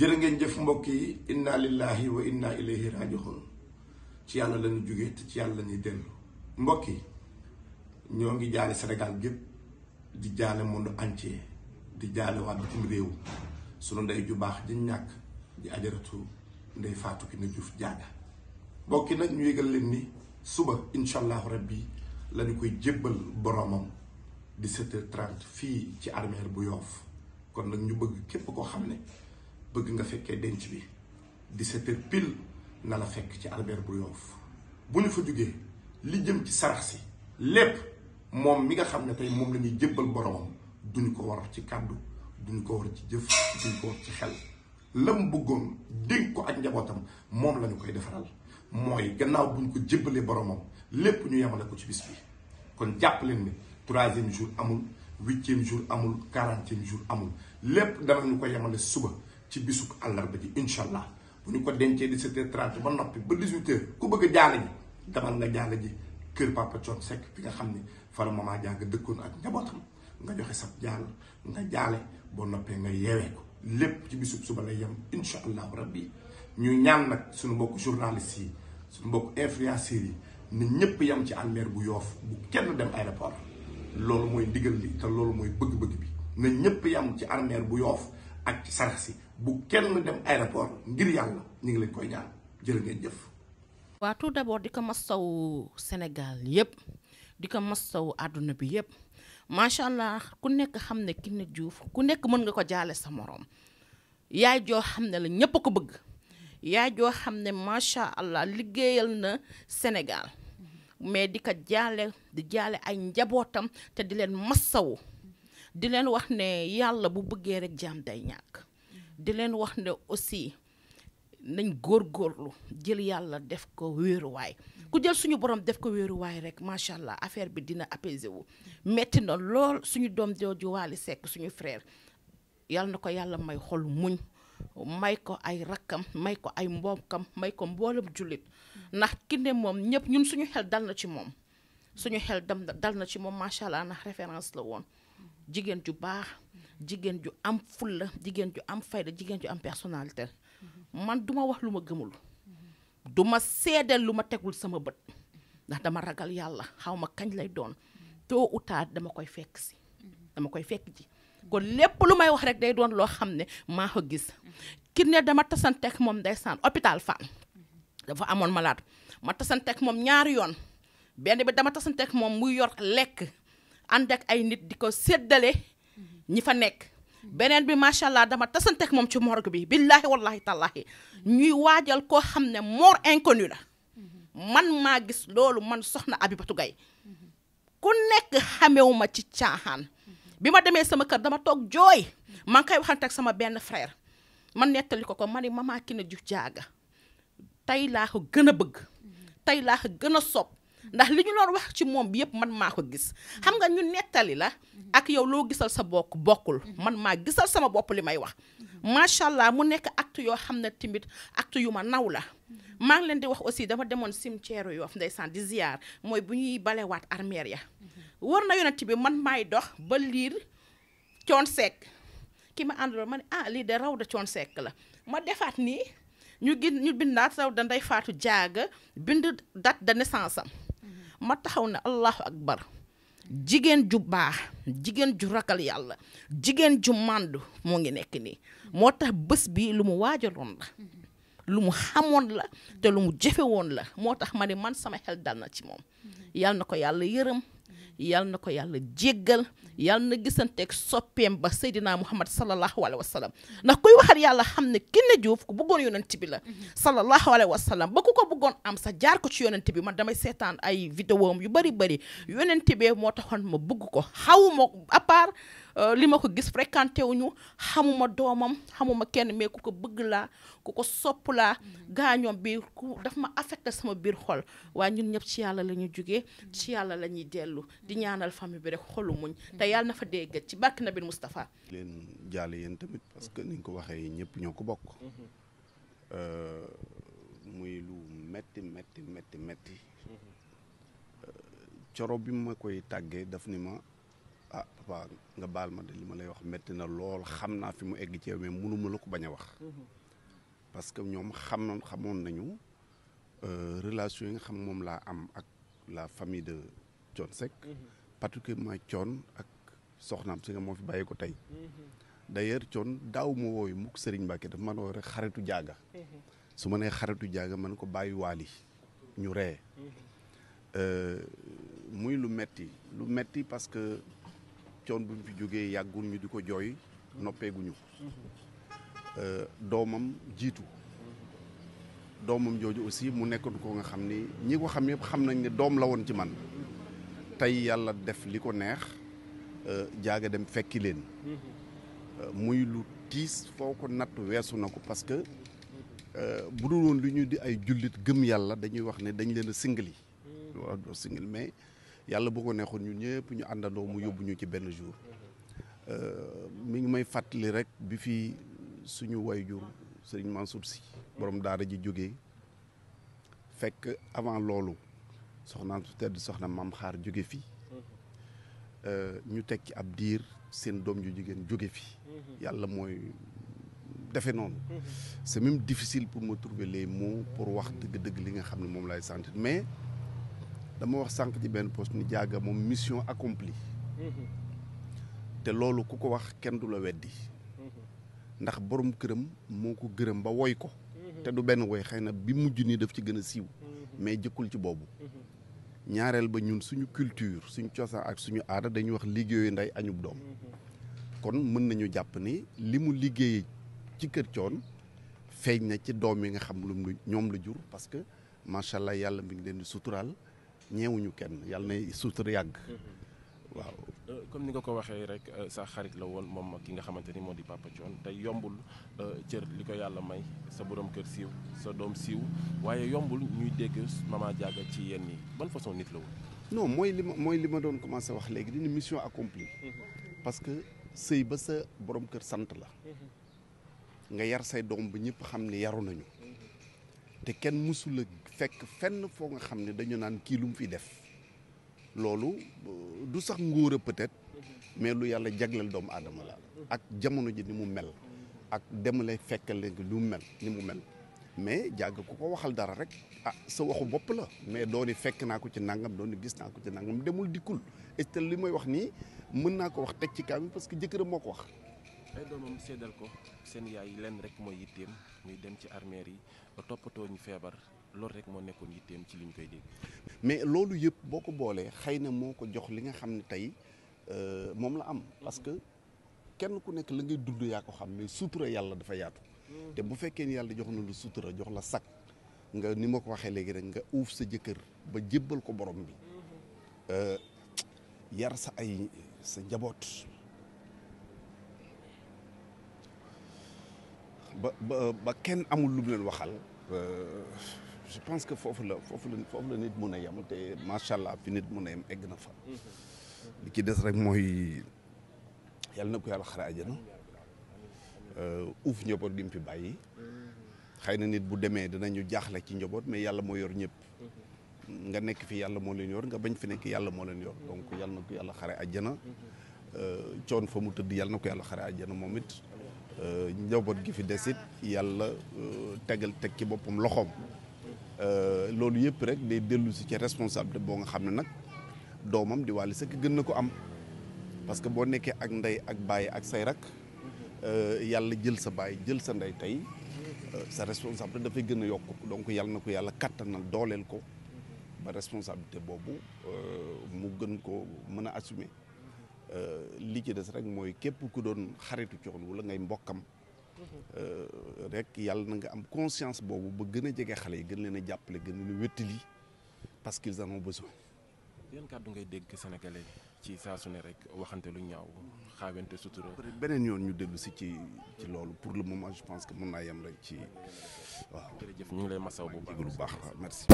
jërë ngeen jëf mbokk yi inna lillahi wa inna ilayhi raji'un ci yàlla la ñu jugee te ci yàlla lañuy ñuy dellu mbokk yi ñoo ngi jaale Sénégal gépp di jaale monde entier di jaale waa bitim réew sunu ndey ju baax di ñàkk di ajaratu ndey Fatou Kiné Diouf Diatta mbokk yi nag ñu yëgal leen ni suba incha allahu rabbi la ñu koy jébbal boromam di set 30 fii ci armeer bu yoof kon nag ñu bëgg képp koo xam ne. bëgg nga fekkee denc bi di heures pile na la fekk ci Albert Bouyof bu ñu fa jugee li jëm ci sarax si lépp moom mi nga xam ne tey moom lañuy ñuy jébbal boromam duñu ko war ci kàddu duñu ko war ci jëf duñu ko war ci xel lam bëggoon dégg ko ak njabootam moom la koy defaral mooy gannaaw buñ ko jébbalee boromam lépp ñu yemale ko ci bis kon jàpp leen ni troisième jour amul huitième jour amul quarantième jour amul lépp danañu ko yemale suba ci bisub àllarba ji incha allah bu ñu ko dencee 17h30 ba noppi ba 18h ku bëgg a ji demal nga jaala ji kër Papa Thione fi nga xam ni fara mama jaa nga dëkkoon ak njabootam nga joxe sab jaal nga jaale boo noppee nga yeewee ko lépp ci bisub suba lay yem incha allahu rabbi ñu ñaan nag suñu mbokk journaliste yi suñu mbokk influenceurs yi ne ñëpp yem ci anmeer bu yoof bu kenn dem aéroport loolu mooy ndigal li te loolu mooy bëgg-bëgg bi na ñëpp yem ci anmeer bu yoof ak ci si bu kenn dem aéroport ngir yàlla ñu ngi leen koy ñaan jërë ngeen jëf. waa tout d'abord di ko masawu Sénégal yëpp di ko masawu àdduna bi yëpp macha allah ku nekk xam ne Kiné Diouf ku nekk mën nga ko jaale sa moroom yaay joo xam ne la a ko bëgg yaay joo xam ne macha allah liggéeyal na Sénégal mais di ko jaale di jaale ay njabootam te di leen masawu di leen wax ne yàlla bu bëggee rek jaam day ñàkk. di leen wax ne aussi nañ góor góorlu jël yàlla def ko wéeruwaay ku jël suñu borom def ko wéeruwaay rek macha allah affaire bi dina apaisé wu. metti na lool suñu doom jooju Waly Seck suñu frère yal na ko yàlla may xol muñ may ko ay rakkam may ko ay mbokkam may ko mboolem jullit ndax ki ne moom ñëpp ñun suñu xel dal na ci moom. suñu xel dam dal na ci moom macha allah ndax référence la woon jigéen ju baax. jigéen ju am fulla jigéen ju am fayda jigéen ju am personnalité man duma wax lu ma gëmul duma seedeel lu ma tegul sama bët ndax dama ragal yàlla xaw ma kañ lay doon tôt ou dama koy fekk si dama koy fekk ji kon lépp lu may wax rek day doon loo xam ne maa ko gis ki ne dama tasanteeg moom ndeysaan hôpital Fann dafa amoon malade ma tasanteeg moom ñaari yoon benn bi dama tasanteeg moom mu yor lekk ànd ak ay nit di ko séddale ñi fa nekk beneen bi macha allah dama tasanteek moom ci morgue bi billahi wallahi tallahi ñuy waajal koo xam ne mort inconnu la man maa gis loolu man soxna Abibatou Gaye ku nekk xamewuma ci caaxaan bi ma demee sama kër dama toog jooy maa ngi koy waxante ak sama benn frère man nettali ko ko ma ne maman Kiné Diouf Diaga tey laa gën a bëgg tey laa ko gën a sopp ndax li ñu doon wax ci moom bi yëpp man maa ko gis xam nga ñu nettali la ak yow loo gisal sa bokk bokkul man maa gisal sama bopp li may wax macha allah mu nekk acte yoo xam ne tamit acte yu ma naw la maa ngi leen di wax aussi dama demoon cimetière Yoff ndeysaan san ziar mooy bu ñuy balewaat armeer ya war na yonent bi man maay dox ba liir coon sekk ki ma àndaloon ma ne ah lii de raw da coon sekk la ma defaat nii ñu gis ñu bindaat raw da faatu jaaga bind date ma taxaw ne allahu akbar jigéen ju baax jigéen ju ragal yàlla jigéen ju màndu moo ngi nekk nii moo tax bés bi lu mu waajaloon la lu mu xamoon la te lu mu jefe woon la moo tax ma ne man sama xel dal na ci moom yàlla ko yàlla yërëm yal na ko yàlla jéggal yal na gisanteeg soppeem ba Seydina Muhammad sallallahu alayhi wa sallam ndax kuy waxal yàlla xam ne Kiné Diouf ku bëggoon yonent bi la. sallallahu alayhi wa sallam ba ku ko bëggoon am sax jaar ko ci yonent bi man damay seetaan ay vidéo yu bari bari yonent bee moo taxoon ma bëgg ko xaw ma à Euh, li ma ko gis fréquenté wuñu xamuma doomam xamuma kenn mais ku ko bëgg laa ku ko sopp laa gaañoom bi ku daf ma affecté sama biir xol waaye ñun ñëpp ci yàlla la ñu jugee ci yàlla la ñuy dellu di ñaanal famille bi rek xolu muñ te yàlla na fa dégg ci barke Nabi Moustapha leen jàll yéen tamit parce que ni ko waxee ñëpp ñoo ko bokk euh, muy lu metti metti metti metti euh, coro bi ma koy tàggee daf ni ma ah papa nga baal ma de li ma lay wax métti na lool xam naa fi mu egg ci yow mais mënuma la ko bañ a wax. Mhm. parce que ñoom xam xamoon xamoon nañu euh, relation yi nga xam moom laa am ak la famille de Thione Seck. Mhm. particulièrement Thione ak soxnaam si nga moo fi bàyyi ko tey. Mhm. d'ailleurs Thione daaw ma wooyu mukk Serigne Mbacke daf man woo rek xaritu jaaga. su ma nee xaritu jaaga man ko bàyyi waali ñu ree euh, muy lu metti lu metti parce que. coon bu ñu fi jógee yàggul ñu di ko jooy noppeeguñu euh, doomam jiitu doomam jooju aussi mu nekkoon ko nga xam ni ñi ko xam yëpp xam nañ ne doom la woon ci man tey yàlla def li ko neex euh, jaaga dem fekki leen euh, muy lu tiis foo ko natt weesu na ko parce que bu dul woon lu ñu di ay jullit gëm yàlla dañuy wax ne dañ leen a singali mm. waaw doo singal mais yàlla bu ko neexoon ñun ñëpp ñu àndandoo mu yóbbu ñu ci benn jour euh, mi ngi may fàttali rek bi fi suñu wayjur sëriñ Mansour si borom daara ji jóge fekk avant loolu soxnaan su tedd soxna maam xaar jóge fi euh, ñu teg ci ab diir seen doom ju jigéen jóge fi yàlla mooy defe noonu c'est difficile pour me trouver les mots pour wax dëgg-dëgg li nga xam ne moom laay sentir mais dama wax sànq ci benn poste ni jaaga moom mission accomplie te loolu ku ko wax kenn du la weddi ndax borom këram moo ko gërëm ba woy ko te du benn woy xëy na bi mujj nii daf ci gën a siiw mais jëkkul ci boobu ñaareel ba ñun suñu culture suñu cosaan ak suñu aada dañuy wax liggéeyu ndey añub doom kon mën nañu jàpp ni li mu liggéey ci kër coon feeñ na ci doom yi nga xam lu ñoom la jur parce que macha allah yàlla mi ngi leen di suturaal ñeewuñu kenn yàlla na suutur yàgg mhm. waaw euh, comme ni nga ko waxee rek euh, sa xarit la woon moom ki nga xamante ni moo di Papa Thione tey yombul euh, cër li ko yàlla may sa boroom kër siiw sa doom siiw waaye yombul ñuy dégg Mama Diaga ci yenn yi ban façon nit la woon non mooy li ma mooy li ma doon commencé wax léegi dina mission accomplie mhm. parce que sëy ba sa borom kër sant la mhm. nga yar say doom ba ñëpp xam ne yaru nañu te kenn mësul a fekk fenn foo nga xam ne dañu naan kii lu mu fi def loolu du sax ngóor a peut-être mais lu yàlla jagleel doomu aadama la ak jamono ji ni mu mel ak dem lay fekkal léegi lu mu mel ni mu mel mais jàgg ko ko waxal dara rek a ah, sa waxu bopp la mais dooni fekk naa ko ci nangam dooni gis naa ko ci nangam demul dikkul et li may wax nii mën naa ko wax teg ci kaam parce que jëkkëram moo ko wax ay doomam seddal ko seen yaay lenn rek mooy yitteem ñuy dem ci armeer yi ba toppatoo ñu feebar loolu rek moo nekkoon yitteem ci li ñu koy dégg. mais loolu yëpp boo ko boolee xëy na moo ko jox li nga xam ne tey euh, moom la am. parce que kenn ku nekk la ngay dund yaa ko xam mais sutura yàlla dafa yaatu. Mm. te bu fekkee ni yàlla jox na la sutura jox la sac nga ni ma ko waxee léegi rek nga uuf sa jëkkër ba jébbal ko borom bi. Mm-hmm. Euh, yar sa ay sa njaboot. ba ba ba kenn amul lu mu leen waxal. Euh, je pense que foofu la foofu foofu la nit mun a yem te macha allah fi nit mun a yem egg na fa. Mhm. li ci des rek mooy yàlla na ko yàlla xare àjjana euh, uuf njaboot gi mu fi bàyyi. xëy na nit bu demee dinañu jaaxle ci njaboot mais yàlla moo yor ñëpp. Mhm. nga nekk fi yàlla moo leen yor nga bañ fi nekk yàlla moo leen yor donc yàlla na ko yàlla xare àjjana. Mhm. Euh, coon fa mu tëdd yàlla na ko yàlla xare àjjana moom it. Euh, njaboot gi fi des it yàlla tegal teg ci boppam loxoom. Euh, loolu yëpp rek day dellu si ci responsabilité boo nga xam ne nag doomam di sa Seck gën na ko am parce que boo nekkee ak ndey ak baay ak say rak euh, yàlla jël sa baay jël sa ndey tey euh, sa responsabilité dafay gën a yokk donc yàlla na ko yàlla kattanal dooleel ko ba responsabilité boobu mu gën ko mën a assumer li ci des rek mooy képp ku doon xaritu coon wala ngay mbokkam Euh, rek yàlla na nga am conscience boobu ba gën a jege xale yi gën leen a jàppale gën leen a wéttali parce qu'ils en ont besoin. yan kàddu ngay dégg Sénégalais ci saa su ne rek waxante lu ñaaw xaawente sutura. beneen yoon ñu dellu si ci loolu pour le moment je pense que mun naa yem rek ci waaw. jërëjëf ñu ngi lay masaw bu baax bu baax merci.